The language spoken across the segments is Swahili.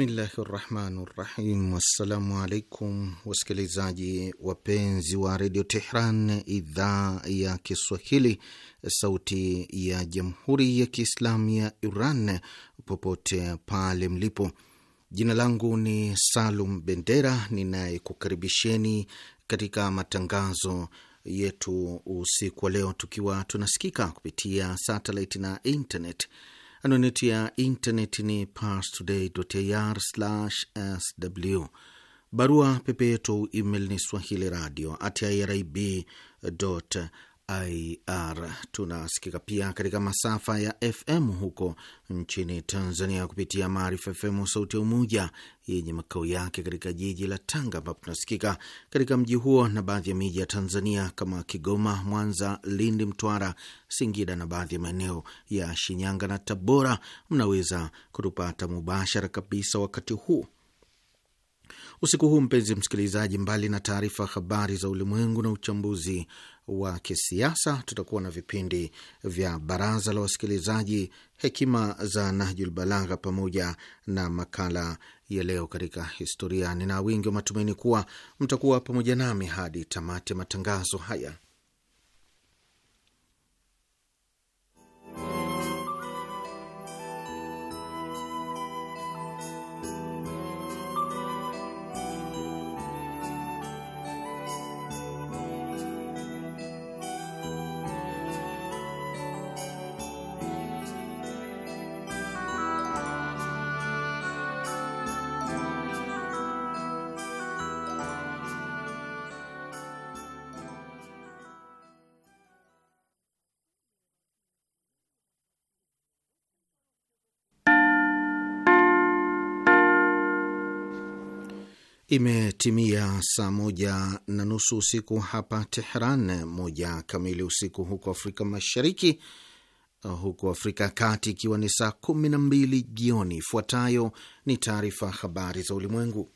Bismillahi rahmani rahim. Wassalamu alaikum wasikilizaji wapenzi wa redio Tehran, idhaa ya Kiswahili, sauti ya jamhuri ya Kiislamu ya Iran, popote pale mlipo. Jina langu ni Salum Bendera ninayekukaribisheni katika matangazo yetu usiku wa leo, tukiwa tunasikika kupitia satellite na internet. Anwani yetu ya intaneti ni parstoday.ir/sw. Barua pepe yetu email ni swahili radio at irib IR. Tunasikika pia katika masafa ya FM huko nchini Tanzania kupitia Maarifa FM Sauti ya Umoja yenye makao yake katika jiji la Tanga, ambapo tunasikika katika mji huo na baadhi ya miji ya Tanzania kama Kigoma, Mwanza, Lindi, Mtwara, Singida na baadhi ya maeneo ya Shinyanga na Tabora. Mnaweza kutupata mubashara kabisa wakati huu usiku huu, mpenzi msikilizaji, mbali na taarifa habari za ulimwengu na uchambuzi wa kisiasa, tutakuwa na vipindi vya baraza la wasikilizaji, hekima za Nahjul Balagha pamoja na makala ya leo katika historia. Nina wingi wa matumaini kuwa mtakuwa pamoja nami hadi tamati ya matangazo haya. Imetimia saa moja na nusu usiku hapa Tehran, moja kamili usiku huko Afrika Mashariki, huku Afrika ya Kati ikiwa ni saa kumi na mbili jioni. Ifuatayo ni taarifa habari za ulimwengu,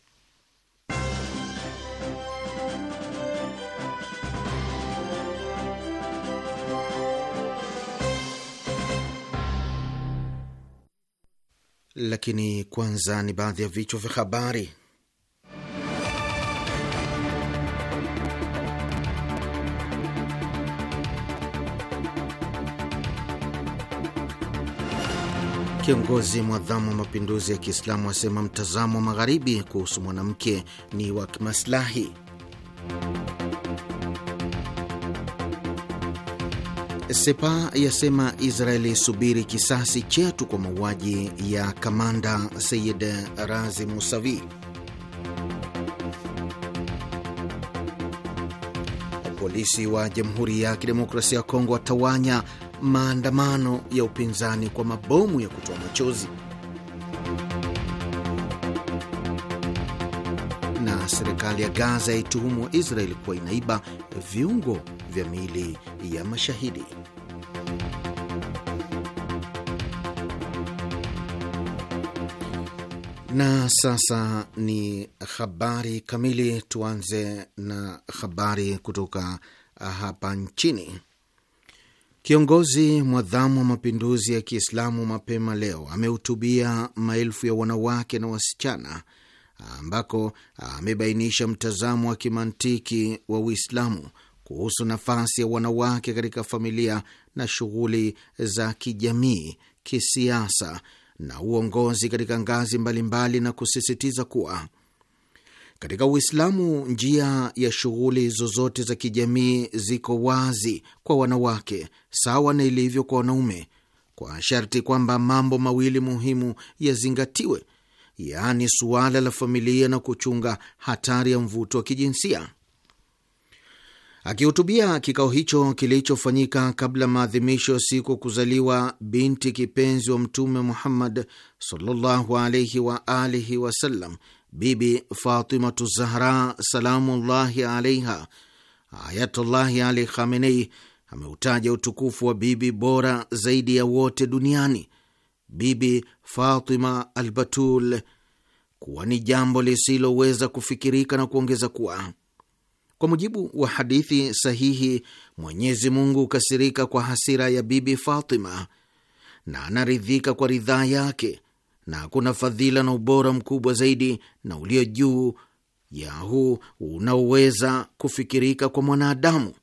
lakini kwanza ni baadhi ya vichwa vya habari. Kiongozi mwadhamu wa mapinduzi ya Kiislamu asema mtazamo wa magharibi kuhusu mwanamke ni wa kimaslahi. Sepa yasema Israeli isubiri kisasi chetu kwa mauaji ya kamanda Sayid Razi Musavi. Polisi wa Jamhuri ya Kidemokrasia ya Kongo watawanya maandamano ya upinzani kwa mabomu ya kutoa machozi. Na serikali ya Gaza yaituhumu israel kuwa inaiba viungo vya miili ya mashahidi. Na sasa ni habari kamili. Tuanze na habari kutoka hapa nchini. Kiongozi mwadhamu wa mapinduzi ya Kiislamu mapema leo amehutubia maelfu ya wanawake na wasichana ambako amebainisha mtazamo wa kimantiki wa Uislamu kuhusu nafasi ya wanawake katika familia na shughuli za kijamii, kisiasa na uongozi katika ngazi mbalimbali, na kusisitiza kuwa katika Uislamu, njia ya shughuli zozote za kijamii ziko wazi kwa wanawake sawa na ilivyo kwa wanaume, kwa sharti kwamba mambo mawili muhimu yazingatiwe, yaani suala la familia na kuchunga hatari ya mvuto wa kijinsia. Akihutubia kikao hicho kilichofanyika kabla maadhimisho ya siku kuzaliwa binti kipenzi wa Mtume Muhammad sallallahu alaihi wa alihi wasallam Bibi Fatimatu Zahra salamullahi alaiha, Ayatullahi Ali Khamenei ameutaja utukufu wa bibi bora zaidi ya wote duniani, Bibi Fatima albatul kuwa ni jambo lisiloweza kufikirika na kuongeza kuwa kwa mujibu wa hadithi sahihi, Mwenyezi Mungu hukasirika kwa hasira ya Bibi Fatima na anaridhika kwa ridhaa yake na kuna fadhila na ubora mkubwa zaidi na ulio juu ya huu unaoweza kufikirika kwa mwanadamu.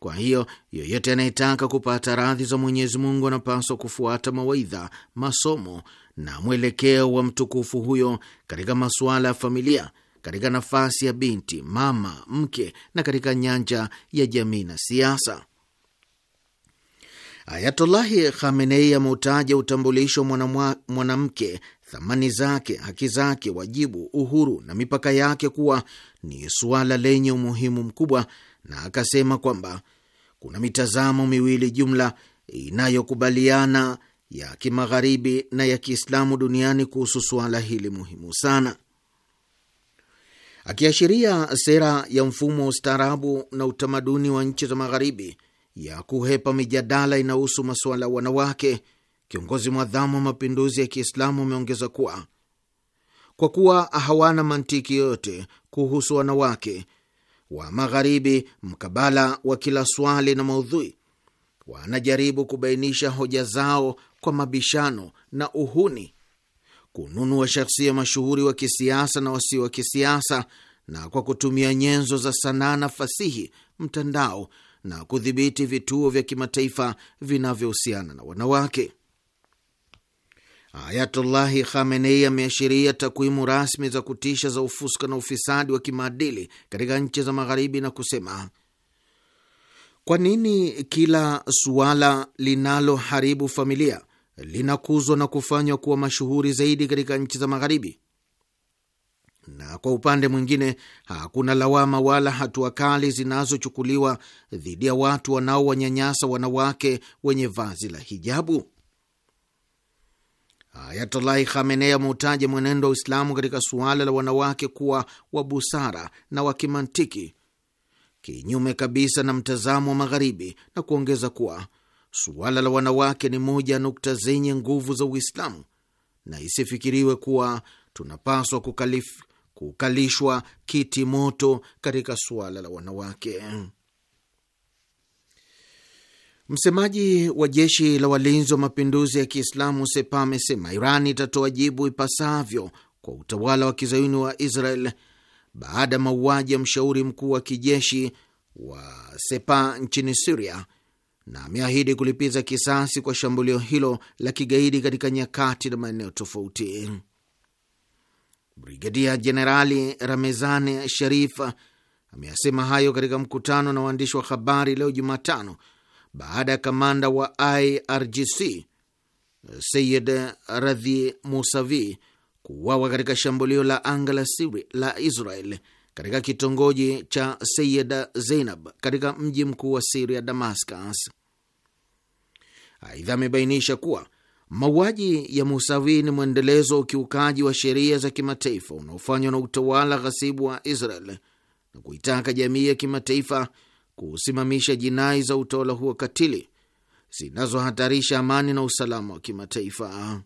Kwa hiyo yoyote anayetaka kupata radhi za Mwenyezi Mungu anapaswa kufuata mawaidha, masomo na mwelekeo wa mtukufu huyo katika masuala ya familia, katika nafasi ya binti, mama, mke na katika nyanja ya jamii na siasa. Ayatullahi Khamenei ameutaja utambulisho wa mwanamke, thamani zake, haki zake, wajibu, uhuru na mipaka yake kuwa ni suala lenye umuhimu mkubwa, na akasema kwamba kuna mitazamo miwili jumla inayokubaliana ya kimagharibi na ya Kiislamu duniani kuhusu suala hili muhimu sana, akiashiria sera ya mfumo wa ustaarabu na utamaduni wa nchi za Magharibi ya kuhepa mijadala inahusu masuala ya wanawake, kiongozi mwadhamu wa mapinduzi ya Kiislamu ameongeza kuwa kwa kuwa hawana mantiki yoyote kuhusu wanawake wa Magharibi, mkabala wa kila swali na maudhui, wanajaribu kubainisha hoja zao kwa mabishano na uhuni, kununua shakhsia mashuhuri wa kisiasa na wasio wa kisiasa, na kwa kutumia nyenzo za sanaa na fasihi, mtandao na kudhibiti vituo vya kimataifa vinavyohusiana na wanawake. Ayatullahi Khamenei ameashiria takwimu rasmi za kutisha za ufuska na ufisadi wa kimaadili katika nchi za Magharibi na kusema, kwa nini kila suala linaloharibu familia linakuzwa na kufanywa kuwa mashuhuri zaidi katika nchi za Magharibi? na kwa upande mwingine hakuna lawama wala hatua kali zinazochukuliwa dhidi ya watu wanaowanyanyasa wanawake wenye vazi la hijabu. Ayatollah Khamenei ameutaja mwenendo wa Uislamu katika suala la wanawake kuwa wa busara na wa kimantiki, kinyume kabisa na mtazamo wa Magharibi, na kuongeza kuwa suala la wanawake ni moja ya nukta zenye nguvu za Uislamu na isifikiriwe kuwa tunapaswa kukalif, kukalishwa kiti moto katika suala la wanawake. Msemaji wa jeshi la walinzi wa mapinduzi ya Kiislamu Sepa amesema Iran itatoa jibu ipasavyo kwa utawala wa kizayuni wa Israel baada ya mauaji ya mshauri mkuu wa kijeshi wa Sepa nchini Siria, na ameahidi kulipiza kisasi kwa shambulio hilo la kigaidi katika nyakati na maeneo tofauti. Brigedia Jenerali Ramezani Sharif ameyasema hayo katika mkutano na waandishi wa habari leo Jumatano, baada ya kamanda wa IRGC Sayid Radhi Musavi kuuawa katika shambulio la anga la Siri la Israel katika kitongoji cha Sayid Zeinab katika mji mkuu wa Siria, Damascus. Aidha amebainisha kuwa Mauaji ya musavi ni mwendelezo wa ukiukaji wa sheria za kimataifa unaofanywa na utawala ghasibu wa Israel na kuitaka jamii ya kimataifa kusimamisha jinai za utawala huo katili zinazohatarisha amani na usalama wa kimataifa.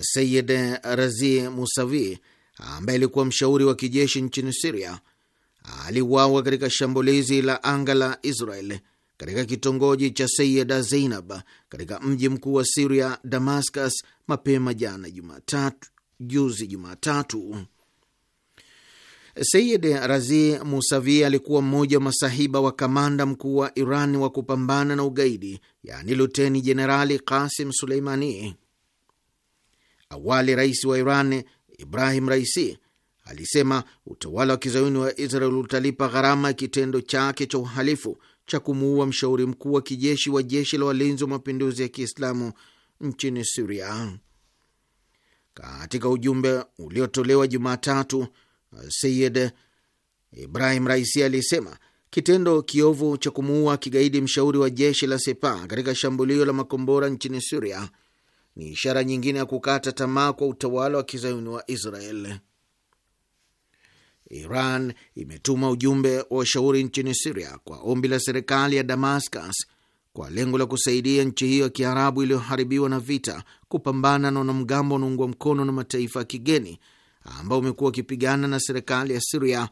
Sayid Razi Musavi ambaye alikuwa mshauri wa kijeshi nchini Siria aliuawa katika shambulizi la anga la Israel katika kitongoji cha Sayida Zeinab katika mji mkuu wa Siria, Damascus, mapema jana Jumatatu, juzi Jumatatu. Sayid Razi Musavi alikuwa mmoja wa masahiba wa kamanda mkuu wa Iran wa kupambana na ugaidi, yaani luteni jenerali Kasim Suleimani. Awali rais wa Iran Ibrahim Raisi alisema utawala wa kizayuni wa Israel utalipa gharama ya kitendo chake cha uhalifu cha kumuua mshauri mkuu wa kijeshi wa jeshi la walinzi wa mapinduzi ya Kiislamu nchini Siria. Katika ujumbe uliotolewa Jumatatu, Sayid Ibrahim Raisi alisema kitendo kiovu cha kumuua kigaidi mshauri wa jeshi la Sepa katika shambulio la makombora nchini Siria ni ishara nyingine ya kukata tamaa kwa utawala wa kizayuni wa Israel. Iran imetuma ujumbe wa ushauri nchini Siria kwa ombi la serikali ya Damascus kwa lengo la kusaidia nchi hiyo ya Kiarabu iliyoharibiwa na vita kupambana na wanamgambo wanaungwa mkono na mataifa ya kigeni ambao umekuwa ukipigana na serikali ya Siria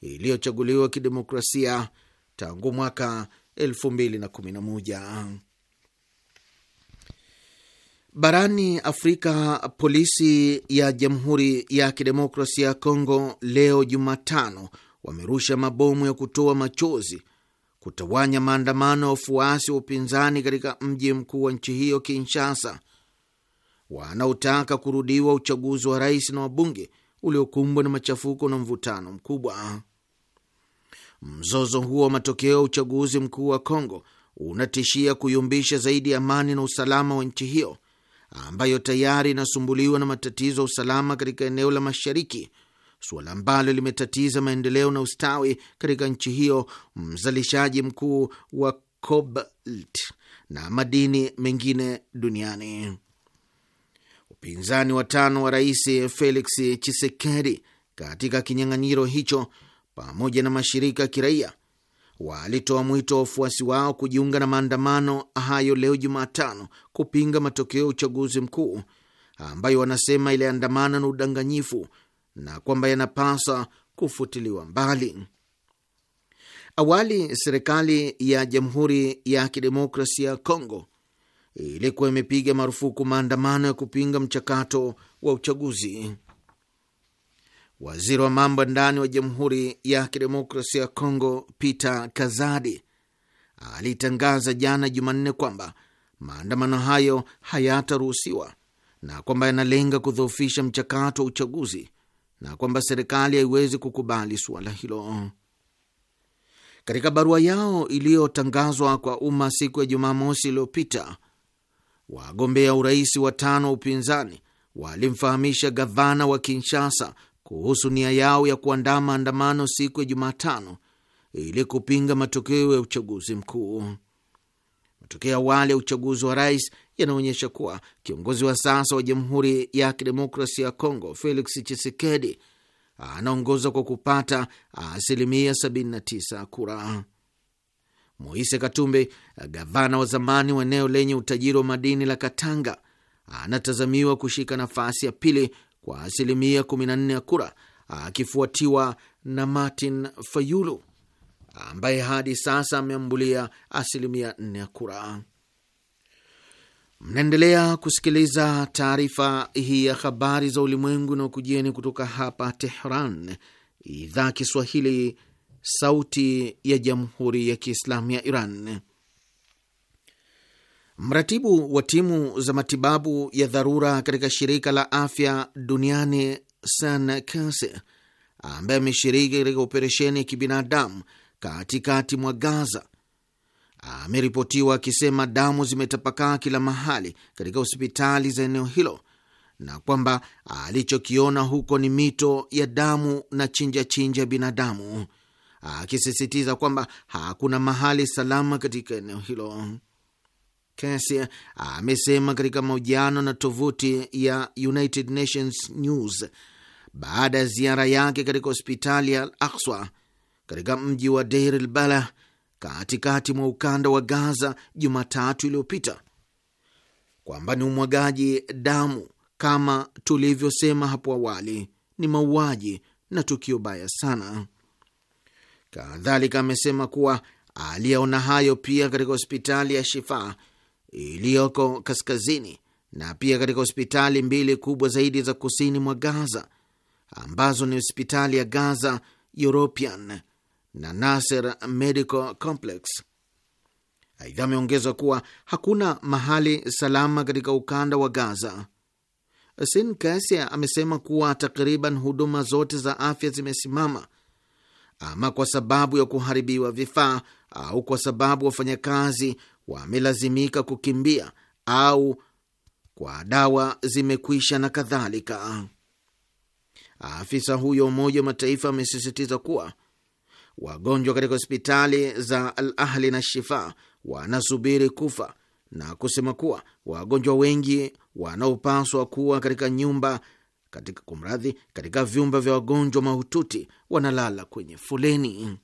iliyochaguliwa kidemokrasia tangu mwaka 2011. Barani Afrika, polisi ya Jamhuri ya Kidemokrasia ya Kongo leo Jumatano wamerusha mabomu ya kutoa machozi kutawanya maandamano ya wafuasi wa upinzani katika mji mkuu wa nchi hiyo Kinshasa, wanaotaka kurudiwa uchaguzi wa rais na wabunge uliokumbwa na machafuko na mvutano mkubwa. Mzozo huo wa matokeo ya uchaguzi mkuu wa Kongo unatishia kuyumbisha zaidi amani na usalama wa nchi hiyo ambayo tayari inasumbuliwa na matatizo ya usalama katika eneo la mashariki, suala ambalo limetatiza maendeleo na ustawi katika nchi hiyo, mzalishaji mkuu wa cobalt na madini mengine duniani. Upinzani wa tano wa Rais Felix Tshisekedi katika kinyang'anyiro hicho pamoja na mashirika ya kiraia walitoa mwito wa wafuasi wao kujiunga na maandamano hayo leo Jumatano kupinga matokeo ya uchaguzi mkuu ambayo wanasema iliandamana na udanganyifu na kwamba yanapasa kufutiliwa mbali. Awali serikali ya Jamhuri ya Kidemokrasia ya Kongo ilikuwa imepiga marufuku maandamano ya kupinga mchakato wa uchaguzi. Waziri wa mambo ya ndani wa Jamhuri ya Kidemokrasia ya Kongo Peter Kazadi alitangaza jana Jumanne kwamba maandamano hayo hayataruhusiwa na kwamba yanalenga kudhoofisha mchakato wa uchaguzi na kwamba serikali haiwezi kukubali suala hilo. Katika barua yao iliyotangazwa kwa umma siku ya Jumamosi iliyopita, wagombea urais watano wa upinzani walimfahamisha gavana wa Kinshasa kuhusu nia yao ya kuandaa maandamano siku ya Jumatano ili kupinga matokeo ya uchaguzi mkuu. Matokeo awali ya uchaguzi wa rais yanaonyesha kuwa kiongozi wa sasa wa Jamhuri ya Kidemokrasia ya Kongo Felix Tshisekedi anaongoza kwa kupata asilimia 79 kura. Moise Katumbe, gavana wa zamani wa eneo lenye utajiri wa madini la Katanga, anatazamiwa kushika nafasi ya pili kwa asilimia 14 ya kura, akifuatiwa na Martin Fayulu ambaye hadi sasa ameambulia asilimia 4 ya kura. Mnaendelea kusikiliza taarifa hii ya habari za ulimwengu na ukujieni kutoka hapa Tehran, idhaa Kiswahili, sauti ya jamhuri ya kiislamu ya Iran. Mratibu wa timu za matibabu ya dharura katika shirika la afya duniani Kase, ambaye ameshiriki katika operesheni ya kibinadamu katikati mwa Gaza ameripotiwa akisema damu zimetapakaa kila mahali katika hospitali za eneo hilo na kwamba alichokiona huko ni mito ya damu na chinja chinja ya binadamu, akisisitiza kwamba hakuna mahali salama katika eneo hilo. Kesi ah, amesema katika mahojiano na tovuti ya United Nations News baada ya ziara yake katika hospitali ya Al Akswa katika mji wa Deir al Balah katikati mwa ukanda wa Gaza Jumatatu iliyopita kwamba ni umwagaji damu kama tulivyosema hapo awali, ni mauaji na tukio baya sana. Kadhalika amesema kuwa aliyeona hayo pia katika hospitali ya Shifa iliyoko kaskazini na pia katika hospitali mbili kubwa zaidi za kusini mwa Gaza ambazo ni hospitali ya Gaza European na Nasser Medical Complex. Aidha, ameongeza kuwa hakuna mahali salama katika ukanda wa Gaza. Sin Kasia amesema kuwa takriban huduma zote za afya zimesimama, ama kwa sababu ya kuharibiwa vifaa au kwa sababu wafanyakazi wamelazimika kukimbia au kwa dawa zimekwisha na kadhalika. Afisa huyo Umoja wa Mataifa amesisitiza kuwa wagonjwa katika hospitali za Al Ahli na Shifa wanasubiri kufa na kusema kuwa wagonjwa wengi wanaopaswa kuwa katika nyumba katika kumradhi, katika vyumba vya wagonjwa mahututi wanalala kwenye foleni.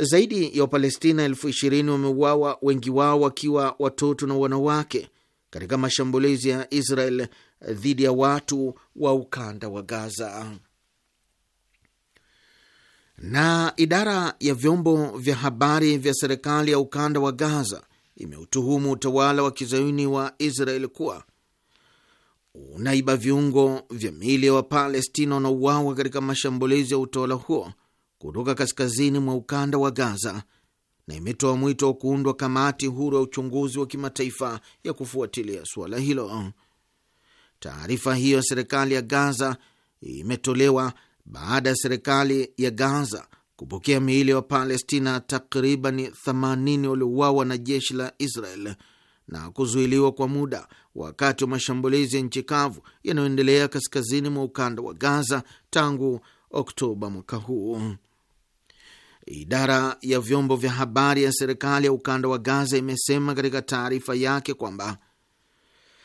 Zaidi ya Wapalestina elfu ishirini wameuawa, wengi wao wakiwa watoto na wanawake katika mashambulizi ya Israel dhidi ya watu wa ukanda wa Gaza. Na idara ya vyombo vya habari vya serikali ya ukanda wa Gaza imeutuhumu utawala wa kizayuni wa Israel kuwa unaiba viungo vya mili ya Wapalestina wanauawa katika mashambulizi ya utawala huo kutoka kaskazini mwa ukanda wa Gaza na imetoa mwito wa kuundwa kamati huru ya uchunguzi wa kimataifa ya kufuatilia suala hilo. Taarifa hiyo ya serikali ya Gaza imetolewa baada ya serikali ya Gaza kupokea miili ya Wapalestina takriban 80 waliouawa na jeshi la Israel na kuzuiliwa kwa muda wakati wa mashambulizi ya nchi kavu yanayoendelea kaskazini mwa ukanda wa Gaza tangu Oktoba mwaka huu. Idara ya vyombo vya habari ya serikali ya ukanda wa Gaza imesema katika taarifa yake kwamba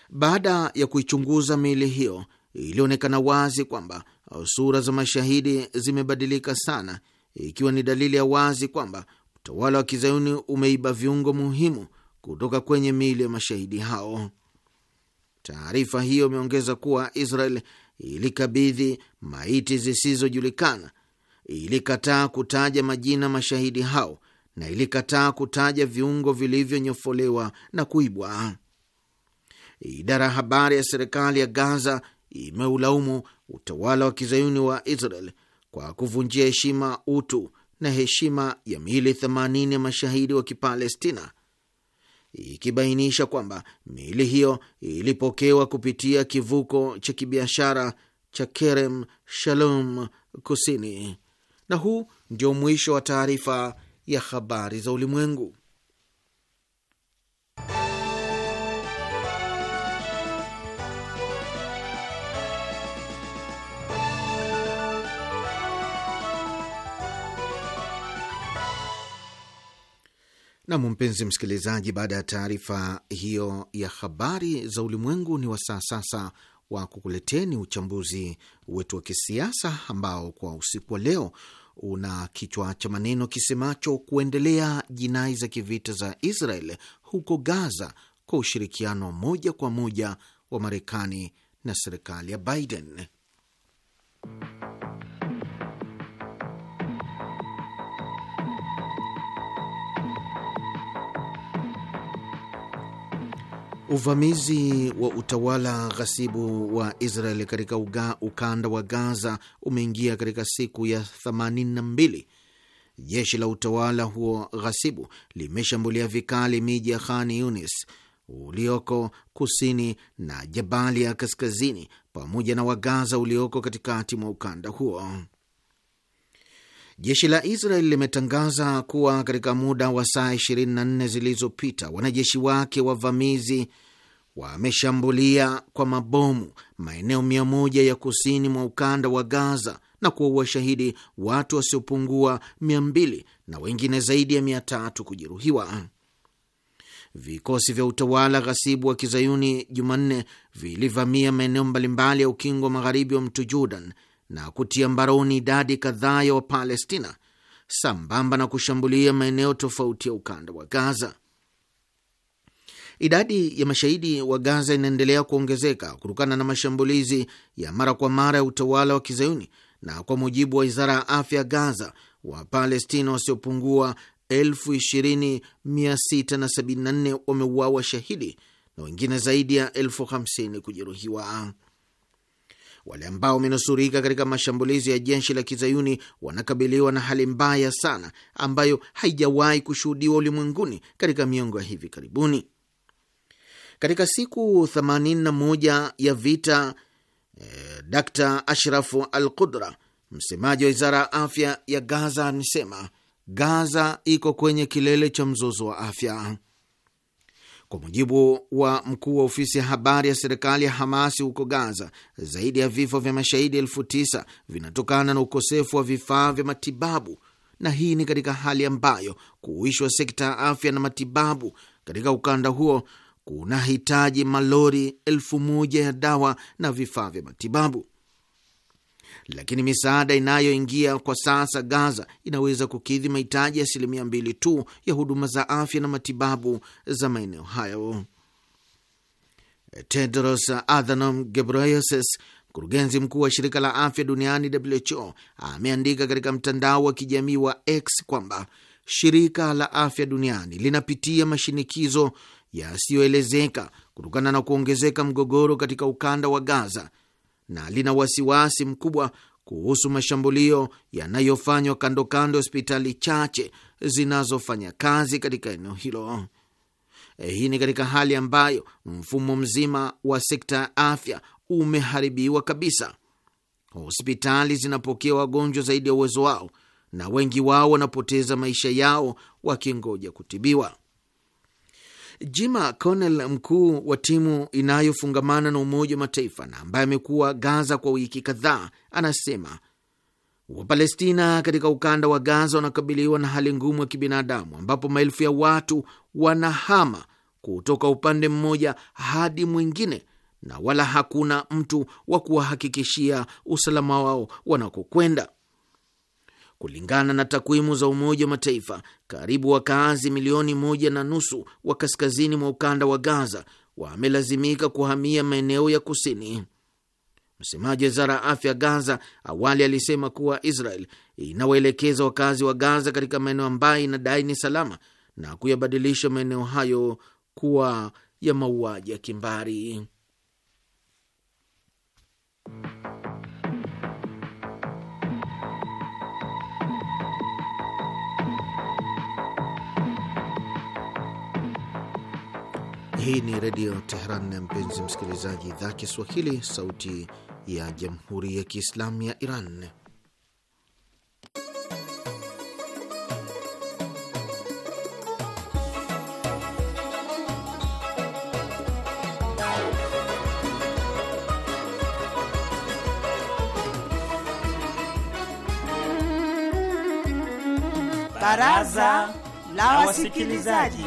baada ya kuichunguza miili hiyo ilionekana wazi kwamba sura za mashahidi zimebadilika sana, ikiwa ni dalili ya wazi kwamba utawala wa kizayuni umeiba viungo muhimu kutoka kwenye miili ya mashahidi hao. Taarifa hiyo imeongeza kuwa Israel ilikabidhi maiti zisizojulikana ilikataa kutaja majina mashahidi hao na ilikataa kutaja viungo vilivyonyofolewa na kuibwa. Idara ya habari ya serikali ya Gaza imeulaumu utawala wa kizayuni wa Israel kwa kuvunjia heshima utu na heshima ya miili 80 ya mashahidi wa Kipalestina, ikibainisha kwamba miili hiyo ilipokewa kupitia kivuko cha kibiashara cha Kerem Shalom kusini na huu ndio mwisho wa taarifa ya habari za ulimwengu. Nam, mpenzi msikilizaji, baada ya taarifa hiyo ya habari za ulimwengu, ni wasaa sasa wa kukuleteni uchambuzi wetu wa kisiasa ambao kwa usiku wa leo una kichwa cha maneno kisemacho kuendelea jinai za kivita za Israel huko Gaza kwa ushirikiano moja kwa moja wa Marekani na serikali ya Biden. Uvamizi wa utawala ghasibu wa Israel katika ukanda wa Gaza umeingia katika siku ya 82. Jeshi la utawala huo ghasibu limeshambulia vikali miji ya Khan Yunis ulioko kusini na Jabalia kaskazini pamoja na Wagaza ulioko katikati mwa ukanda huo. Jeshi la Israeli limetangaza kuwa katika muda wa saa 24 zilizopita wanajeshi wake wavamizi wameshambulia kwa mabomu maeneo mia moja ya kusini mwa ukanda wa Gaza na kuwaua shahidi watu wasiopungua mia mbili na wengine zaidi ya mia tatu kujeruhiwa. Vikosi vya utawala ghasibu wa kizayuni Jumanne vilivamia maeneo mbalimbali ya ukingo wa magharibi wa mto Jordan na kutia mbaroni idadi kadhaa ya Wapalestina sambamba na kushambulia maeneo tofauti ya ukanda wa Gaza. Idadi ya mashahidi wa Gaza inaendelea kuongezeka kutokana na mashambulizi ya mara kwa mara ya utawala wa Kizayuni, na kwa mujibu wa wizara ya afya ya Gaza, Wapalestina wasiopungua 20674 wameuawa shahidi na wengine zaidi ya 50 kujeruhiwa. Wale ambao wamenusurika katika mashambulizi ya jeshi la kizayuni wanakabiliwa na hali mbaya sana ambayo haijawahi kushuhudiwa ulimwenguni katika miongo ya hivi karibuni. Katika siku 81 ya vita eh, Dr Ashraf Al Qudra, msemaji wa wizara ya afya ya Gaza, amesema Gaza iko kwenye kilele cha mzozo wa afya. Kwa mujibu wa mkuu wa ofisi ya habari ya serikali ya Hamasi huko Gaza, zaidi ya vifo vya mashahidi elfu tisa vinatokana na ukosefu wa vifaa vya matibabu, na hii ni katika hali ambayo kuhuishwa sekta ya afya na matibabu katika ukanda huo kunahitaji malori elfu moja ya dawa na vifaa vya matibabu lakini misaada inayoingia kwa sasa Gaza inaweza kukidhi mahitaji ya asilimia mbili tu ya huduma za afya na matibabu za maeneo hayo. Tedros Adhanom Ghebreyesus mkurugenzi mkuu wa shirika la afya duniani WHO ameandika katika mtandao wa kijamii wa X kwamba shirika la afya duniani linapitia mashinikizo yasiyoelezeka kutokana na kuongezeka mgogoro katika ukanda wa Gaza na lina wasiwasi mkubwa kuhusu mashambulio yanayofanywa kando kando hospitali chache zinazofanya kazi katika eneo hilo. Eh, hii ni katika hali ambayo mfumo mzima wa sekta ya afya umeharibiwa kabisa. Hospitali zinapokea wagonjwa zaidi ya uwezo wao, na wengi wao wanapoteza maisha yao wakingoja kutibiwa. Jima Connell, mkuu wa timu inayofungamana na Umoja wa Mataifa na ambaye amekuwa Gaza kwa wiki kadhaa, anasema Wapalestina katika ukanda wa Gaza wanakabiliwa na hali ngumu ya kibinadamu, ambapo maelfu ya watu wanahama kutoka upande mmoja hadi mwingine na wala hakuna mtu wa kuwahakikishia usalama wao wanakokwenda. Kulingana na takwimu za Umoja wa Mataifa, karibu wakaazi milioni moja na nusu wa kaskazini mwa ukanda wa Gaza wamelazimika kuhamia maeneo ya kusini. Msemaji wa wizara ya afya Gaza awali alisema kuwa Israel inawaelekeza wakazi wa Gaza katika maeneo ambayo inadai ni salama na kuyabadilisha maeneo hayo kuwa ya mauaji ya kimbari. Hii ni Redio Teheran, mpenzi msikilizaji, idhaa Kiswahili, sauti ya jamhuri ya kiislamu ya Iran. Baraza la Wasikilizaji.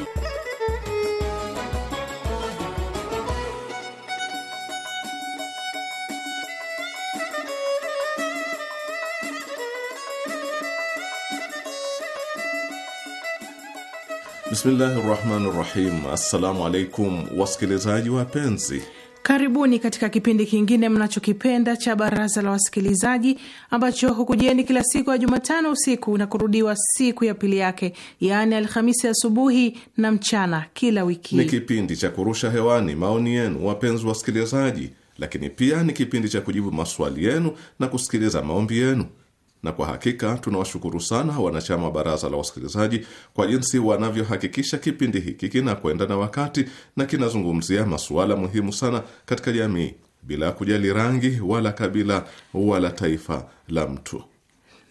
Bismillahi rahmani rahim. Assalamu alaikum wasikilizaji wapenzi, karibuni katika kipindi kingine mnachokipenda cha Baraza la Wasikilizaji ambacho hukujieni kila siku ya Jumatano usiku na kurudiwa siku ya pili yake, yaani Alhamisi asubuhi ya na mchana kila wiki. Ni kipindi cha kurusha hewani maoni yenu, wapenzi wasikilizaji, lakini pia ni kipindi cha kujibu maswali yenu na kusikiliza maombi yenu na kwa hakika tunawashukuru sana wanachama wa baraza la wasikilizaji kwa jinsi wanavyohakikisha kipindi hiki kinakwenda na wakati na kinazungumzia masuala muhimu sana katika jamii bila kujali rangi wala kabila wala taifa la mtu.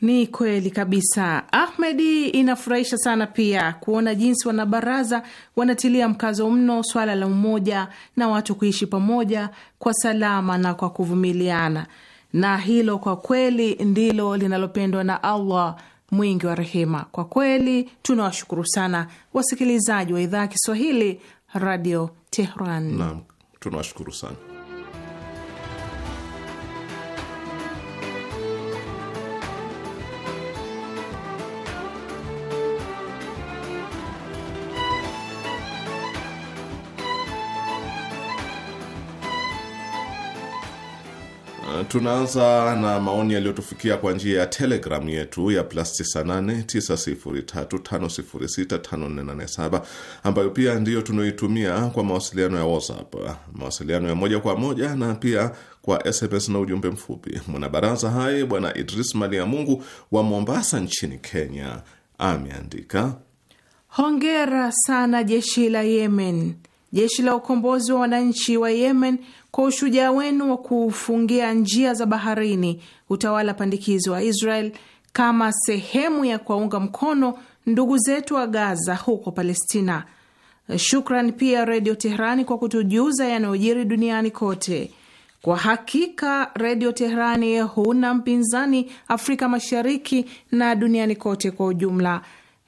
Ni kweli kabisa Ahmedi, inafurahisha sana pia kuona jinsi wanabaraza wanatilia mkazo mno swala la umoja na watu kuishi pamoja kwa salama na kwa kuvumiliana na hilo kwa kweli ndilo linalopendwa na Allah mwingi wa rehema. Kwa kweli tunawashukuru sana wasikilizaji wa idhaa ya Kiswahili Radio Tehran. Naam, tunawashukuru sana. Tunaanza na maoni yaliyotufikia kwa njia ya telegramu yetu ya plus 989035065487 ambayo pia ndiyo tunaoitumia kwa mawasiliano ya WhatsApp, mawasiliano ya moja kwa moja na pia kwa SMS na ujumbe mfupi. Mwanabaraza hai Bwana Idris Mali ya Mungu wa Mombasa nchini Kenya ameandika hongera sana jeshi la Yemen jeshi la ukombozi wa wananchi wa Yemen kwa ushujaa wenu wa kufungia njia za baharini utawala pandikizi wa Israel kama sehemu ya kuwaunga mkono ndugu zetu wa Gaza huko Palestina. Shukran pia Redio Teherani kwa kutujuza yanayojiri duniani kote. Kwa hakika Redio Teherani huna mpinzani Afrika Mashariki na duniani kote kwa ujumla.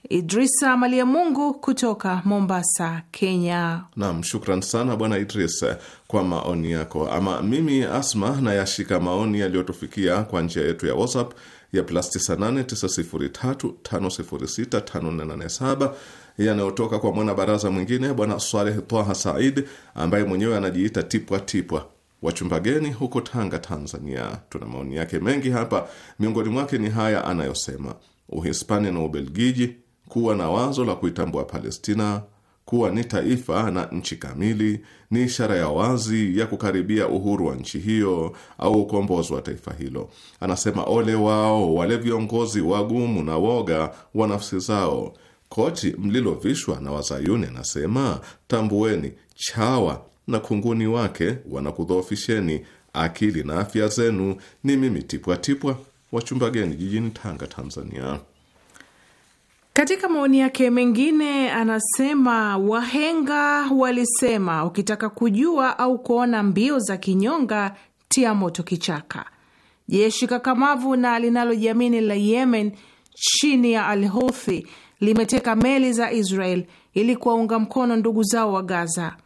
Idrisa Malia Mungu kutoka Mombasa, Kenya. Naam, shukran sana Bwana Idris kwa maoni yako. Ama mimi Asma nayashika maoni yaliyotufikia kwa njia yetu ya WhatsApp ya plus 989035065487 yanayotoka kwa mwanabaraza mwingine Bwana Saleh Twaha Said ambaye mwenyewe anajiita Tipwa Tipwa Wachumbageni huko Tanga, Tanzania. Tuna maoni yake mengi hapa, miongoni mwake ni haya anayosema: Uhispania na Ubelgiji kuwa na wazo la kuitambua Palestina kuwa ni taifa na nchi kamili ni ishara ya wazi ya kukaribia uhuru wa nchi hiyo au ukombozi wa taifa hilo. Anasema, ole wao wale viongozi wagumu na woga wa nafsi zao, koti mlilovishwa na Wazayuni. Anasema, tambueni chawa na kunguni wake wanakudhoofisheni akili na afya zenu. Ni mimi Tipwatipwa wa Chumbageni jijini Tanga, Tanzania. Katika maoni yake mengine anasema wahenga walisema, ukitaka kujua au kuona mbio za kinyonga, tia moto kichaka. Jeshi kakamavu na linalojiamini la Yemen chini ya Al Houthi limeteka meli za Israel ili kuwaunga mkono ndugu zao wa Gaza.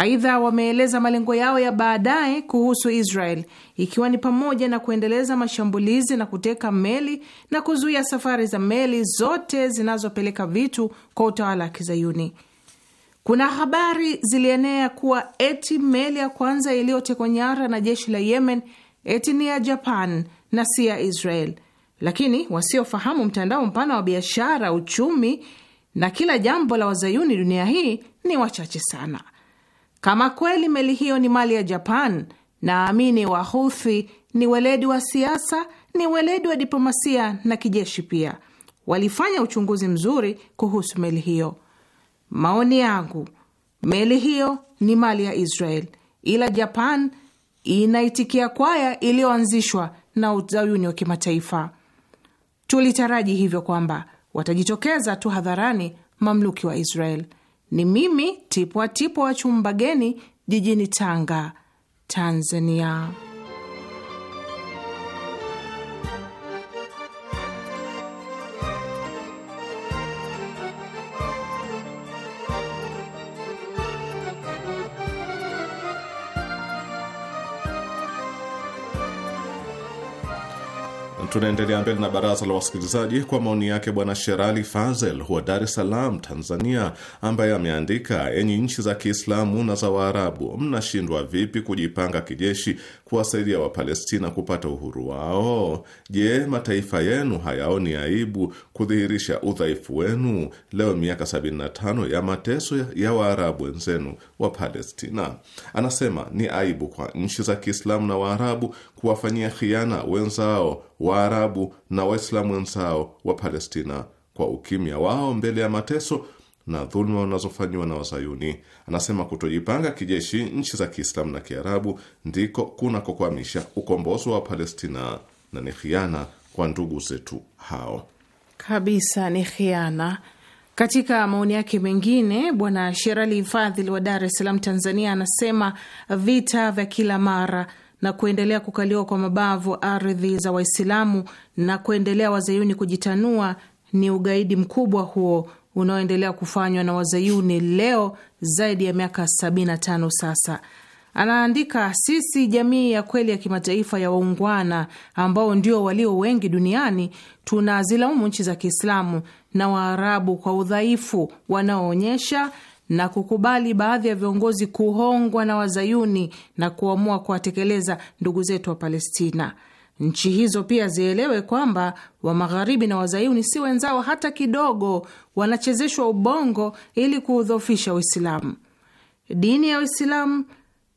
Aidha, wameeleza malengo yao ya baadaye kuhusu Israel, ikiwa ni pamoja na kuendeleza mashambulizi na kuteka meli na kuzuia safari za meli zote zinazopeleka vitu kwa utawala wa Kizayuni. Kuna habari zilienea kuwa eti meli ya kwanza iliyotekwa nyara na jeshi la Yemen eti ni ya Japan na si ya Israel, lakini wasiofahamu mtandao mpana wa biashara, uchumi na kila jambo la wazayuni dunia hii ni wachache sana. Kama kweli meli hiyo ni mali ya Japan, naamini Wahuthi ni weledi wa siasa, ni weledi wa diplomasia na kijeshi pia. Walifanya uchunguzi mzuri kuhusu meli hiyo. Maoni yangu, meli hiyo ni mali ya Israel, ila Japan inaitikia kwaya iliyoanzishwa na uzayuni wa kimataifa. Tulitaraji hivyo kwamba watajitokeza tu hadharani mamluki wa Israel. Ni mimi Tipwa Tipwa wa jijini Tanga, Tanzania. Tunaendelea mbele na baraza la wasikilizaji kwa maoni yake Bwana Sherali Fazel wa Dar es Salaam, Tanzania, ambaye ameandika: enyi nchi za Kiislamu na za Waarabu, mnashindwa vipi kujipanga kijeshi kuwasaidia Wapalestina kupata uhuru wao? Je, mataifa yenu hayaoni aibu kudhihirisha udhaifu wenu leo miaka 75 ya mateso ya Waarabu wenzenu wa Palestina? Anasema ni aibu kwa nchi za Kiislamu na Waarabu kuwafanyia khiana wenzao Waarabu na Waislamu wenzao wa Palestina kwa ukimya wao mbele ya mateso na dhuluma wanazofanyiwa na Wazayuni. Anasema kutojipanga kijeshi nchi za Kiislamu na Kiarabu ndiko kunakokwamisha ukombozi wa Palestina na ni khiana kwa ndugu zetu hao. Kabisa ni khiana. Katika maoni yake mengine, Bwana Sherali Fadhili wa Dar es Salaam, Tanzania, anasema vita vya kila mara na kuendelea kukaliwa kwa mabavu ardhi za Waislamu na kuendelea wazayuni kujitanua ni ugaidi mkubwa huo unaoendelea kufanywa na wazayuni leo zaidi ya miaka 75 sasa. Anaandika, sisi jamii ya kweli ya kimataifa ya waungwana ambao ndio walio wengi duniani tunazilaumu nchi za Kiislamu na Waarabu kwa udhaifu wanaoonyesha na kukubali baadhi ya viongozi kuhongwa na wazayuni na kuamua kuwatekeleza ndugu zetu wa Palestina. Nchi hizo pia zielewe kwamba wa magharibi na wazayuni si wenzao hata kidogo, wanachezeshwa ubongo ili kuudhofisha Uislamu. Dini ya Uislamu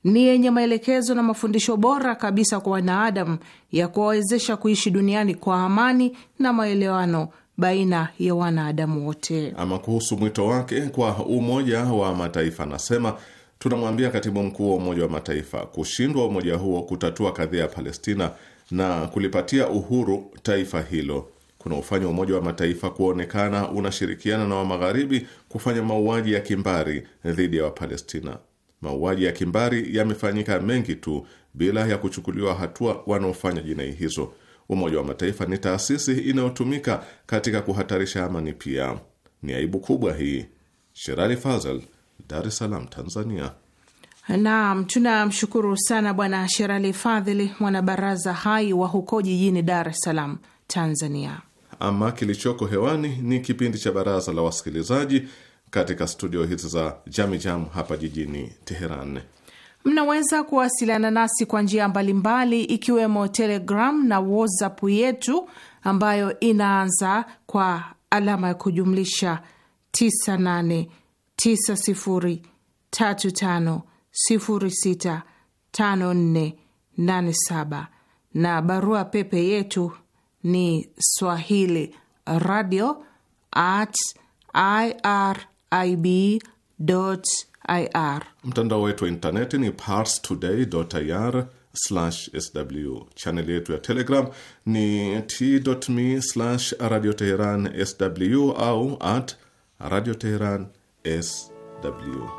ni yenye maelekezo na mafundisho bora kabisa kwa wanaadamu ya kuwawezesha kuishi duniani kwa amani na maelewano baina ya wanadamu wote. Ama kuhusu mwito wake kwa Umoja wa Mataifa, anasema tunamwambia katibu mkuu wa Umoja wa Mataifa, kushindwa umoja huo kutatua kadhia ya Palestina na kulipatia uhuru taifa hilo kuna ufanya Umoja wa Mataifa kuonekana unashirikiana na wa Magharibi kufanya mauaji ya kimbari dhidi ya Wapalestina. Mauaji ya kimbari yamefanyika mengi tu bila ya kuchukuliwa hatua wanaofanya jinai hizo. Umoja wa Mataifa ni taasisi inayotumika katika kuhatarisha amani pia. Ni aibu kubwa hii. Sherali Fazel, Dar es Salaam, Tanzania. Naam, tunamshukuru sana Bwana Sherali Fadhili, mwanabaraza hai wa huko jijini Dar es Salaam, Tanzania. Ama kilichoko hewani ni kipindi cha Baraza la Wasikilizaji katika studio hizi za Jamijam hapa jijini Teheran. Mnaweza kuwasiliana nasi kwa njia mbalimbali, ikiwemo Telegram na WhatsApp yetu ambayo inaanza kwa alama ya kujumlisha 989035065487 na barua pepe yetu ni swahili radio at irib ir. Mtandao wetu wa intaneti ni ir sw. Chaneli yetu ya Telegram ni t.me radio teheran sw au at radio teheran sw.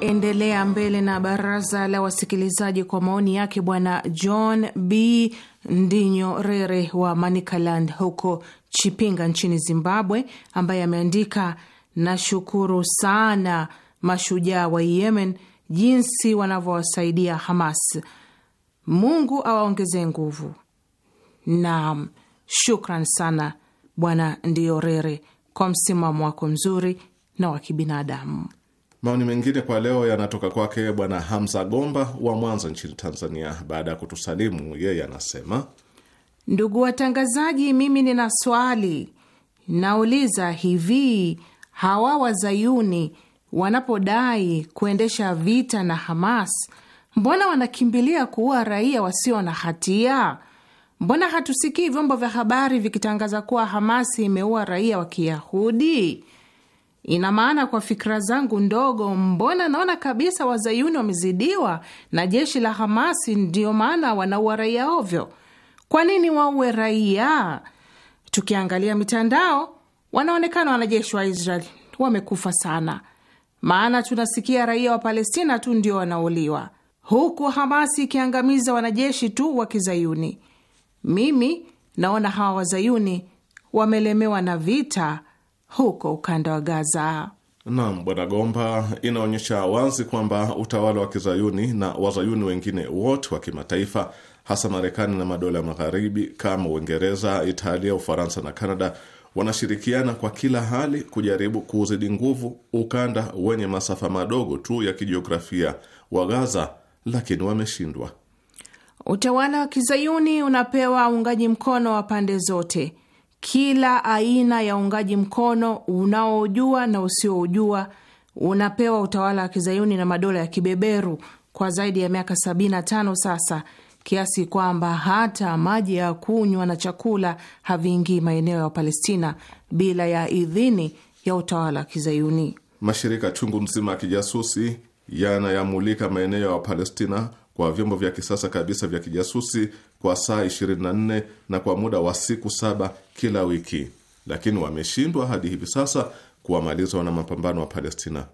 Tunaendelea mbele na baraza la wasikilizaji kwa maoni yake bwana John B Ndinyo Rere wa Manicaland huko Chipinga nchini Zimbabwe, ambaye ameandika nashukuru sana mashujaa wa Yemen jinsi wanavyowasaidia Hamas. Mungu awaongezee nguvu. Naam, shukran sana bwana Ndiorere kwa msimamo wako mzuri na wa kibinadamu. Maoni mengine kwa leo yanatoka kwake Bwana Hamza Gomba wa Mwanza nchini Tanzania. Baada ya kutusalimu, yeye anasema ndugu watangazaji, mimi nina swali nauliza, hivi hawa wazayuni wanapodai kuendesha vita na Hamas, mbona wanakimbilia kuua raia wasio na hatia? Mbona hatusikii vyombo vya habari vikitangaza kuwa Hamasi imeua raia wa Kiyahudi? Ina maana kwa fikra zangu ndogo, mbona naona kabisa wazayuni wamezidiwa na jeshi la Hamasi, ndiyo maana wanaua raia ovyo. Kwa nini waue raia? Tukiangalia mitandao, wanaonekana wanajeshi wa Israel wamekufa sana, maana tunasikia raia wa Palestina tu ndio wanauliwa, huku Hamasi ikiangamiza wanajeshi tu wa Kizayuni. Mimi naona hawa wazayuni wamelemewa na vita huko ukanda wa Gaza. Naam, Bwana Gomba, inaonyesha wazi kwamba utawala wa kizayuni na wazayuni wengine wote wa kimataifa, hasa Marekani na madola ya magharibi kama Uingereza, Italia, Ufaransa na Kanada wanashirikiana kwa kila hali kujaribu kuuzidi nguvu ukanda wenye masafa madogo tu ya kijiografia wa Gaza, lakini wameshindwa. Utawala wa kizayuni unapewa uungaji mkono wa pande zote kila aina ya uungaji mkono unaojua na usioujua unapewa utawala wa kizayuni na madola ya kibeberu kwa zaidi ya miaka 75 sasa, kiasi kwamba hata maji ya kunywa na chakula haviingii maeneo ya Palestina bila ya idhini ya utawala wa kizayuni. Mashirika chungu mzima ya kijasusi yanayamulika maeneo ya Wapalestina kwa vyombo vya kisasa kabisa vya kijasusi kwa saa 24 na kwa muda wa siku saba kila wiki, lakini wameshindwa hadi hivi sasa kuwamaliza wana mapambano wa Palestina,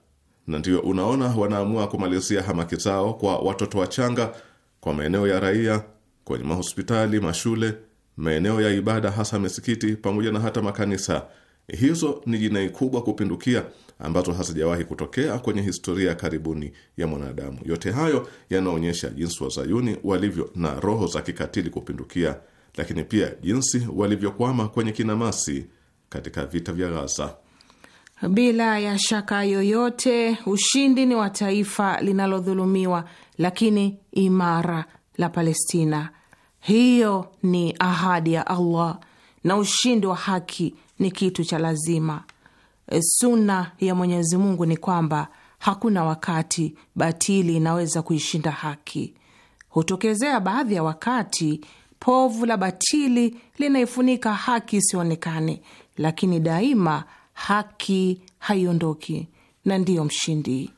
na ndio unaona wanaamua kumalizia hamaki zao kwa watoto wachanga, kwa maeneo ya raia, kwenye mahospitali, mashule, maeneo ya ibada, hasa misikiti pamoja na hata makanisa. Hizo ni jinai kubwa kupindukia ambazo hazijawahi kutokea kwenye historia ya karibuni ya mwanadamu. Yote hayo yanaonyesha jinsi wazayuni walivyo na roho za kikatili kupindukia, lakini pia jinsi walivyokwama kwenye kinamasi katika vita vya Gaza. Bila ya shaka yoyote, ushindi ni wa taifa linalodhulumiwa lakini imara la Palestina. Hiyo ni ahadi ya Allah na ushindi wa haki ni kitu cha lazima. Eh, suna ya Mwenyezi Mungu ni kwamba hakuna wakati batili inaweza kuishinda haki. Hutokezea baadhi ya wakati povu la batili linaifunika haki isionekane, lakini daima haki haiondoki na ndiyo mshindi.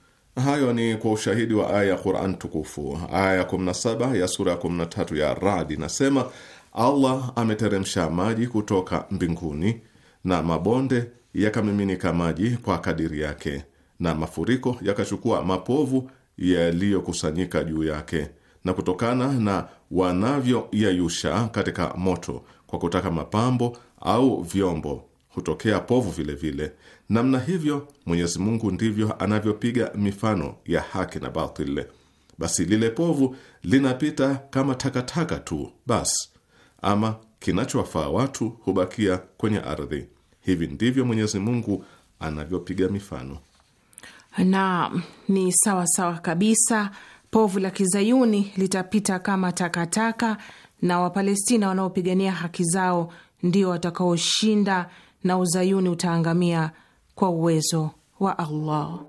Hayo ni kwa ushahidi wa aya ya Quran tukufu. Aya ya 17 ya sura ya 13 ya Radi inasema Allah ameteremsha maji kutoka mbinguni na mabonde yakamiminika maji kwa kadiri yake na mafuriko yakachukua mapovu yaliyokusanyika juu yake, na kutokana na wanavyoyayusha katika moto kwa kutaka mapambo au vyombo hutokea povu vile vile. Namna hivyo Mwenyezi Mungu ndivyo anavyopiga mifano ya haki na batil. Basi lile povu linapita kama takataka tu basi, ama kinachowafaa watu hubakia kwenye ardhi. Hivi ndivyo Mwenyezi Mungu anavyopiga mifano. Naam, ni sawa sawa kabisa. Povu la kizayuni litapita kama takataka, na Wapalestina wanaopigania haki zao ndio watakaoshinda, na uzayuni utaangamia kwa uwezo wa Allah.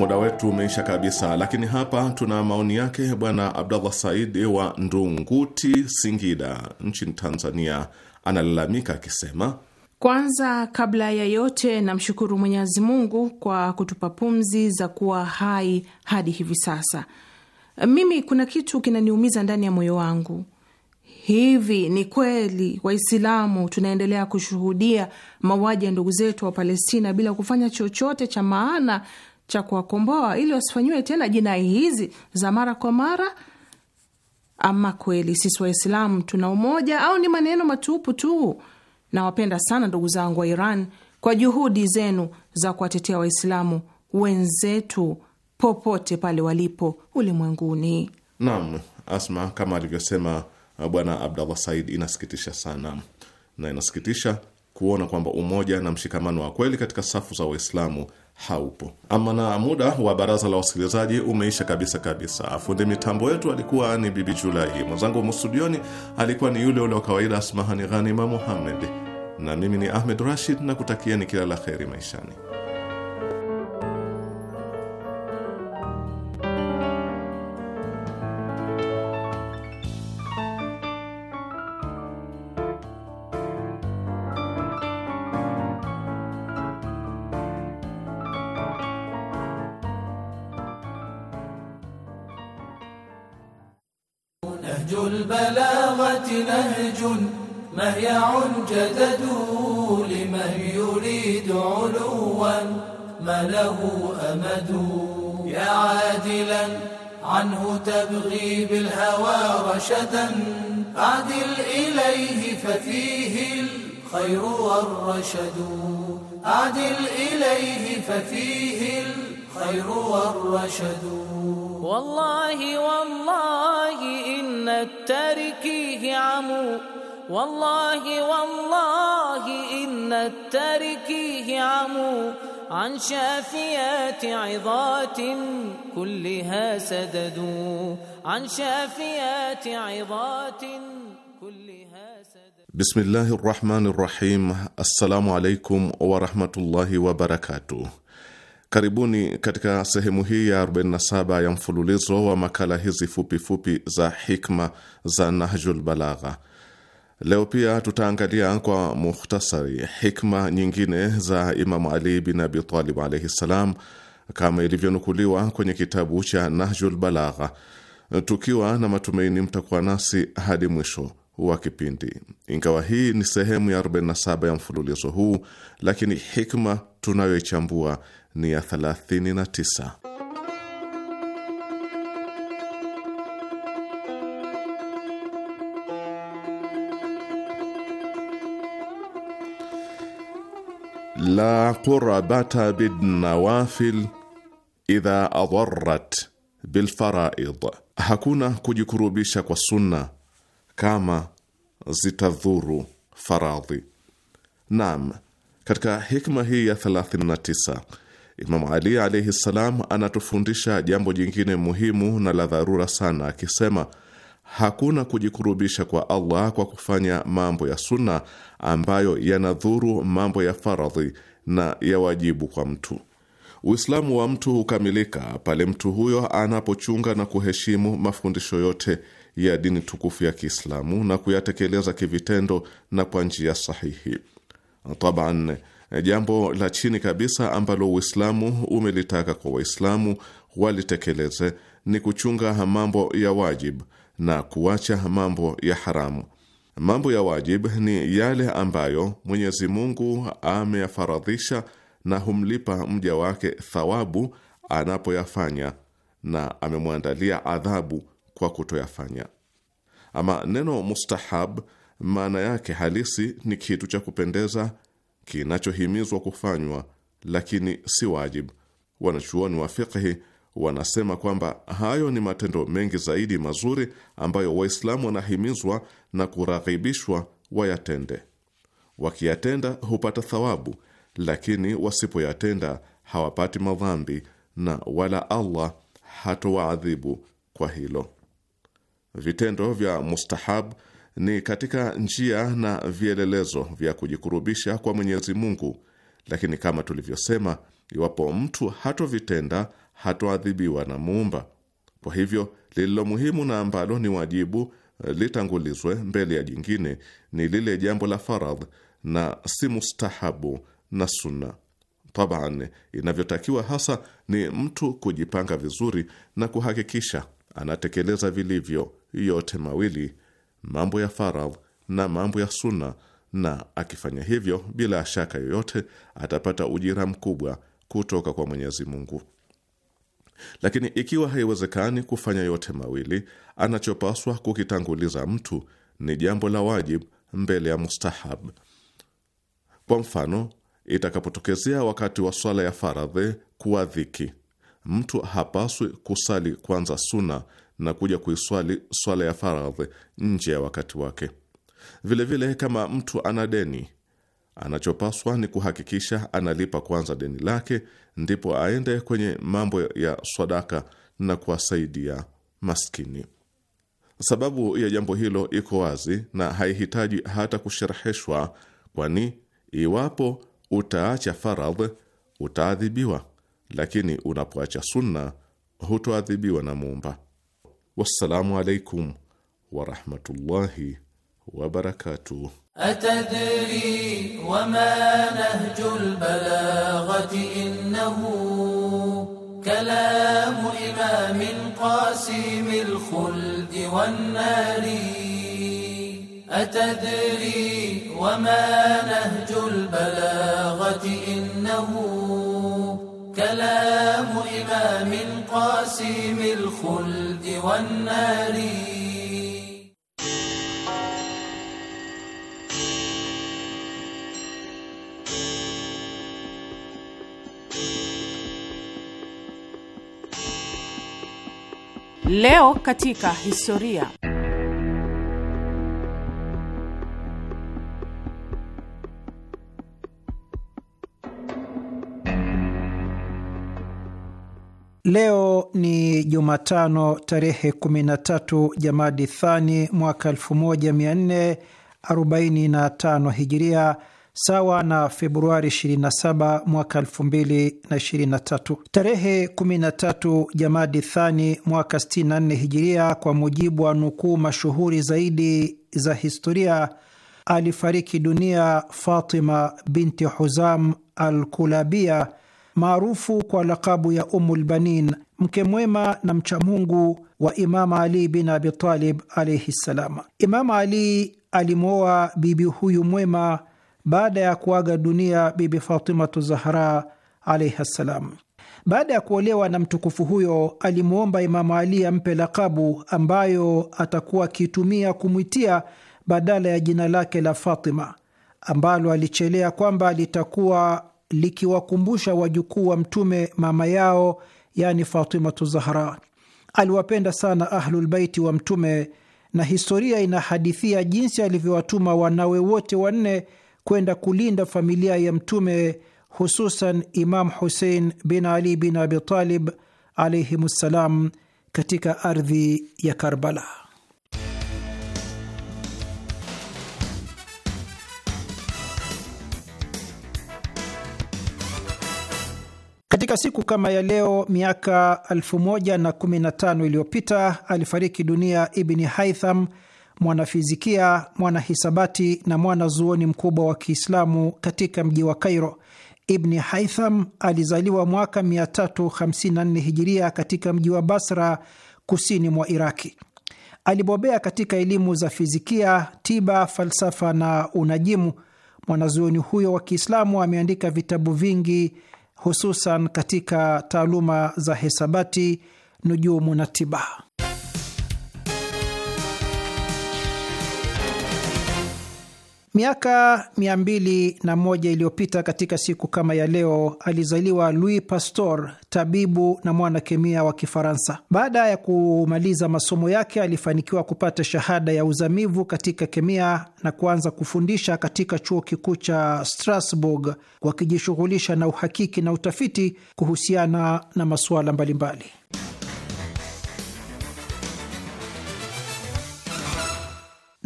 Muda wetu umeisha kabisa, lakini hapa tuna maoni yake Bwana Abdallah Saidi wa Ndunguti, Singida nchini Tanzania. Analalamika akisema, kwanza kabla ya yote, namshukuru Mwenyezi Mungu kwa kutupa pumzi za kuwa hai hadi hivi sasa. Mimi kuna kitu kinaniumiza ndani ya moyo wangu. Hivi ni kweli Waislamu tunaendelea kushuhudia mauaji ya ndugu zetu wa Palestina bila kufanya chochote cha maana cha kuwakomboa ili wasifanyiwe tena jinai hizi za mara kwa mara. Ama kweli sisi Waislamu tuna umoja au ni maneno matupu tu? Nawapenda sana ndugu zangu wa Iran kwa juhudi zenu za kuwatetea Waislamu wenzetu popote pale walipo ulimwenguni. Naam, Asma, kama alivyosema uh, Bwana Abdallah Said, inasikitisha sana na inasikitisha kuona kwamba umoja na mshikamano wa kweli katika safu za Waislamu haupo. Ama na muda wa baraza la wasikilizaji umeisha kabisa kabisa. Afundi mitambo wetu alikuwa ni Bibi Julai, mwenzangu mustudioni alikuwa ni yule ule wa kawaida Asmahani Ghanima Muhammed, na mimi ni Ahmed Rashid na kutakieni kila la kheri maishani. نهيع جدد لمن يريد علوا ما له أمد يا عادلا عنه تبغي بالهوى رشدا أعدل إليه ففيه الخير والرشد أعدل إليه ففيه الخير والرشد والله والله إن التاركيه عمو والله والله إن التاركيه عمو عن شافيات عظات كلها سددوا عن شافيات عظات كلها سددوا بسم الله الرحمن الرحيم السلام عليكم ورحمة الله وبركاته Karibuni katika sehemu hii ya 47 ya mfululizo wa makala hizi fupifupi fupi za hikma za Nahjul Balagha. Leo pia tutaangalia kwa mukhtasari hikma nyingine za Imamu Ali bin Abi Talib alaihi ssalam, kama ilivyonukuliwa kwenye kitabu cha Nahjul Balagha, tukiwa na matumaini mtakuwa nasi hadi mwisho wa kipindi. Ingawa hii ni sehemu ya 47 ya mfululizo huu, lakini hikma tunayoichambua ni ya 39. la qurabata binawafil idha adharat bilfaraid, hakuna kujikurubisha kwa sunna kama zitadhuru faradhi. Naam, katika hikma hii ya 39 Imamu Ali alaihi ssalam anatufundisha jambo jingine muhimu na la dharura sana akisema hakuna kujikurubisha kwa Allah kwa kufanya mambo ya sunna ambayo yanadhuru mambo ya faradhi na ya wajibu kwa mtu. Uislamu wa mtu hukamilika pale mtu huyo anapochunga na kuheshimu mafundisho yote ya dini tukufu ya Kiislamu na kuyatekeleza kivitendo na kwa njia sahihi. Taban, jambo la chini kabisa ambalo Uislamu umelitaka kwa Waislamu walitekeleze ni kuchunga mambo ya wajibu na kuacha mambo ya haramu. Mambo ya wajib ni yale ambayo Mwenyezi Mungu ameyafaradhisha na humlipa mja wake thawabu anapoyafanya na amemwandalia adhabu kwa kutoyafanya. Ama neno mustahab maana yake halisi ni kitu cha kupendeza kinachohimizwa kufanywa, lakini si wajib Wanachuoni wa fiqhi wanasema kwamba hayo ni matendo mengi zaidi mazuri ambayo Waislamu wanahimizwa na kuraghibishwa wayatende. Wakiyatenda hupata thawabu, lakini wasipoyatenda hawapati madhambi na wala Allah hatowaadhibu kwa hilo. Vitendo vya mustahab ni katika njia na vielelezo vya kujikurubisha kwa Mwenyezi Mungu, lakini kama tulivyosema, iwapo mtu hatovitenda hatoadhibiwa na Muumba. Kwa hivyo lililo muhimu na ambalo ni wajibu eh, litangulizwe mbele ya jingine ni lile jambo la faradh na si mustahabu na sunna. Taban, inavyotakiwa hasa ni mtu kujipanga vizuri na kuhakikisha anatekeleza vilivyo yote mawili, mambo ya faradh na mambo ya sunna, na akifanya hivyo bila shaka yoyote atapata ujira mkubwa kutoka kwa Mwenyezi Mungu. Lakini ikiwa haiwezekani kufanya yote mawili, anachopaswa kukitanguliza mtu ni jambo la wajib mbele ya mustahab. Kwa mfano, itakapotokezea wakati wa swala ya faradhi kuwa dhiki, mtu hapaswi kusali kwanza suna na kuja kuiswali swala ya faradhi nje ya wakati wake. Vilevile vile, kama mtu ana deni Anachopaswa ni kuhakikisha analipa kwanza deni lake, ndipo aende kwenye mambo ya swadaka na kuwasaidia maskini. Sababu ya jambo hilo iko wazi na haihitaji hata kushereheshwa, kwani iwapo utaacha faradh utaadhibiwa, lakini unapoacha sunna hutoadhibiwa na Muumba. Wassalamu alaikum warahmatullahi wabarakatuh. أتدري وما نهج البلاغة إنه كلام إمام قاسم الخلد والنار أتدري وما نهج البلاغة إنه كلام إمام قاسم الخلد والنار Leo katika historia. Leo ni Jumatano tarehe 13 Jamadi Thani mwaka 1445 Hijiria, sawa na Februari 27 mwaka 2023. Tarehe 13 Jamadi Thani mwaka 64 Hijiria, kwa mujibu wa nukuu mashuhuri zaidi za historia, alifariki dunia Fatima binti Huzam Alkulabia, maarufu kwa lakabu ya Ummulbanin, mke mwema na mchamungu wa Imamu Ali bin Abitalib alaihi ssalam. Imamu Ali alimwoa bibi huyu mwema baada ya kuaga dunia Bibi Fatimatu Zahra alaihi ssalam. Baada ya kuolewa na mtukufu huyo, alimwomba Imamu Ali ampe lakabu ambayo atakuwa akitumia kumwitia badala ya jina lake la Fatima ambalo alichelea kwamba litakuwa likiwakumbusha wajukuu wa Mtume mama yao, yani Fatimatu Zahra. Aliwapenda sana Ahlulbaiti wa Mtume na historia inahadithia jinsi alivyowatuma wanawe wote wanne kwenda kulinda familia ya Mtume, hususan Imam Husein bin Ali bin Abitalib alaihimussalam katika ardhi ya Karbala. Katika siku kama ya leo miaka 115 iliyopita alifariki dunia Ibni Haitham mwanafizikia, mwanahisabati na mwanazuoni mkubwa wa Kiislamu katika mji wa Kairo. Ibni Haitham alizaliwa mwaka 354 hijiria katika mji wa Basra, kusini mwa Iraki. Alibobea katika elimu za fizikia, tiba, falsafa na unajimu. Mwanazuoni huyo wa Kiislamu ameandika vitabu vingi, hususan katika taaluma za hesabati, nujumu na tiba. Miaka mia mbili na moja iliyopita katika siku kama ya leo alizaliwa Louis Pasteur, tabibu na mwanakemia wa Kifaransa. Baada ya kumaliza masomo yake, alifanikiwa kupata shahada ya uzamivu katika kemia na kuanza kufundisha katika chuo kikuu cha Strasbourg, wakijishughulisha na uhakiki na utafiti kuhusiana na masuala mbalimbali.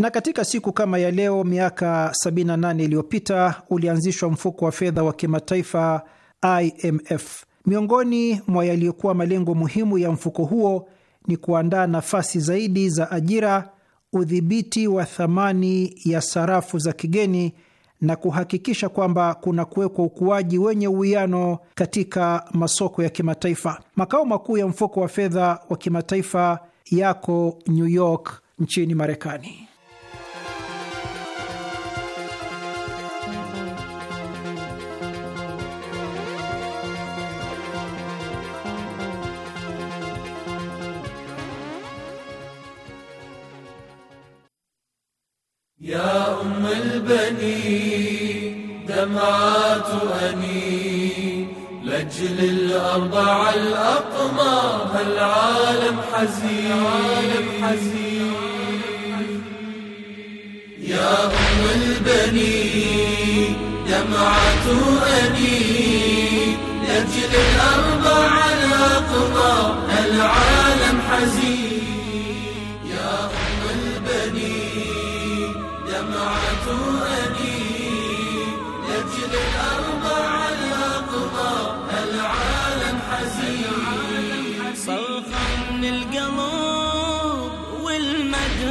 Na katika siku kama ya leo miaka 78 iliyopita ulianzishwa mfuko wa fedha wa kimataifa IMF. Miongoni mwa yaliyokuwa malengo muhimu ya mfuko huo ni kuandaa nafasi zaidi za ajira, udhibiti wa thamani ya sarafu za kigeni na kuhakikisha kwamba kuna kuwekwa ukuaji wenye uwiano katika masoko ya kimataifa. Makao makuu ya mfuko wa fedha wa kimataifa yako New York nchini Marekani. دمعات أنين لجل الأربع الأقمار هالعالم حزين, حزين يا أم البني دمعة أنين لجل الأربع الأقمار العالم هالعالم حزين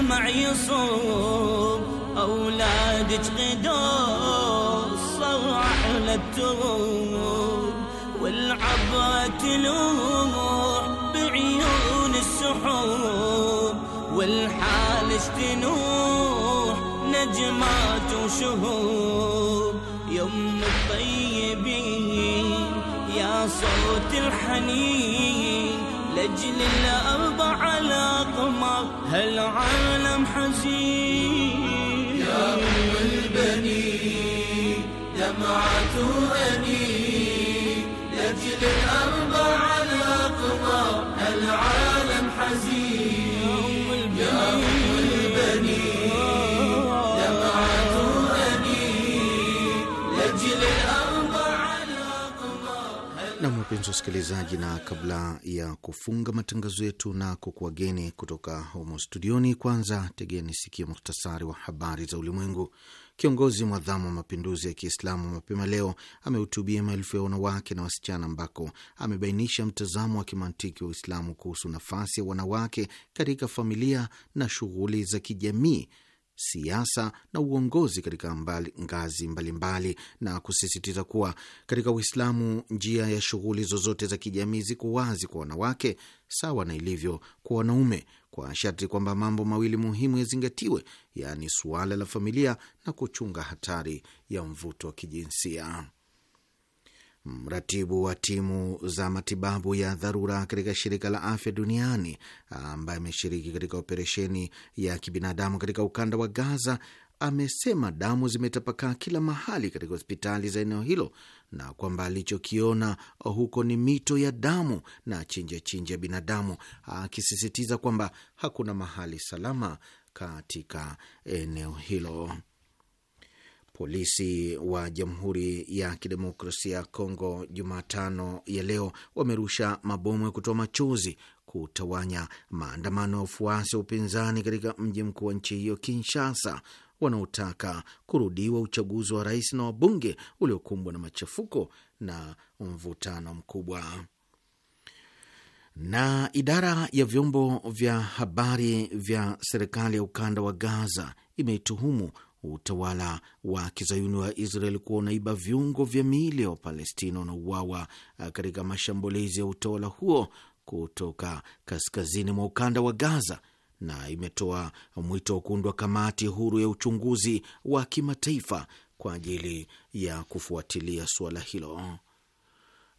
الدمع يصوب أولادك غدور صرح للتروب والعبرة تلوح بعيون السحوب والحال اشتنوح نجمات وشهوب يم الطيبين يا صوت الحنين لأجل الأرض على قمر هالعالم حزين يا أم البنين دمعة أنا wapenzi wasikilizaji, na kabla ya kufunga matangazo yetu na kukuwageni kutoka humo studioni, kwanza tegeni sikio muhtasari wa habari za ulimwengu. Kiongozi mwadhamu wa mapinduzi ya Kiislamu mapema leo amehutubia maelfu ya wanawake na wasichana, ambako amebainisha mtazamo wa kimantiki wa Uislamu kuhusu nafasi ya wanawake katika familia na shughuli za kijamii siasa na uongozi katika mbali, ngazi mbalimbali mbali, na kusisitiza kuwa katika Uislamu njia ya shughuli zozote za kijamii ziko wazi kwa wanawake sawa na ilivyo kwa wanaume, kwa sharti kwamba mambo mawili muhimu yazingatiwe, yaani suala la familia na kuchunga hatari ya mvuto wa kijinsia. Mratibu wa timu za matibabu ya dharura katika shirika la afya duniani ambaye ameshiriki katika operesheni ya kibinadamu katika ukanda wa Gaza amesema damu zimetapakaa kila mahali katika hospitali za eneo hilo na kwamba alichokiona huko ni mito ya damu na chinja chinja ya binadamu, akisisitiza kwamba hakuna mahali salama katika eneo hilo. Polisi wa Jamhuri ya Kidemokrasia ya Kongo Jumatano ya leo wamerusha mabomu ya kutoa machozi kutawanya maandamano ya wafuasi wa upinzani katika mji mkuu wa nchi hiyo Kinshasa, wanaotaka kurudiwa uchaguzi wa rais na wabunge uliokumbwa na machafuko na mvutano mkubwa. Na idara ya vyombo vya habari vya serikali ya ukanda wa Gaza imeituhumu utawala wa kizayuni wa Israel kuwa unaiba viungo vya miili ya Wapalestina wanauawa uh, katika mashambulizi ya utawala huo kutoka kaskazini mwa ukanda wa Gaza na imetoa mwito wa kuundwa kamati huru ya uchunguzi wa kimataifa kwa ajili ya kufuatilia suala hilo.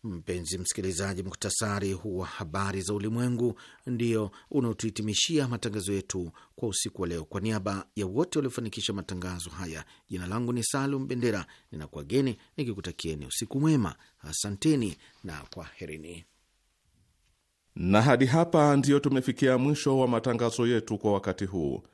Mpenzi msikilizaji, muktasari huu wa habari za ulimwengu ndio unaotuhitimishia matangazo yetu kwa usiku wa leo. Kwa niaba ya wote waliofanikisha matangazo haya, jina langu ni Salum Bendera, ninakuageni nikikutakieni usiku mwema. Asanteni na kwaherini. Na hadi hapa ndiyo tumefikia mwisho wa matangazo yetu kwa wakati huu.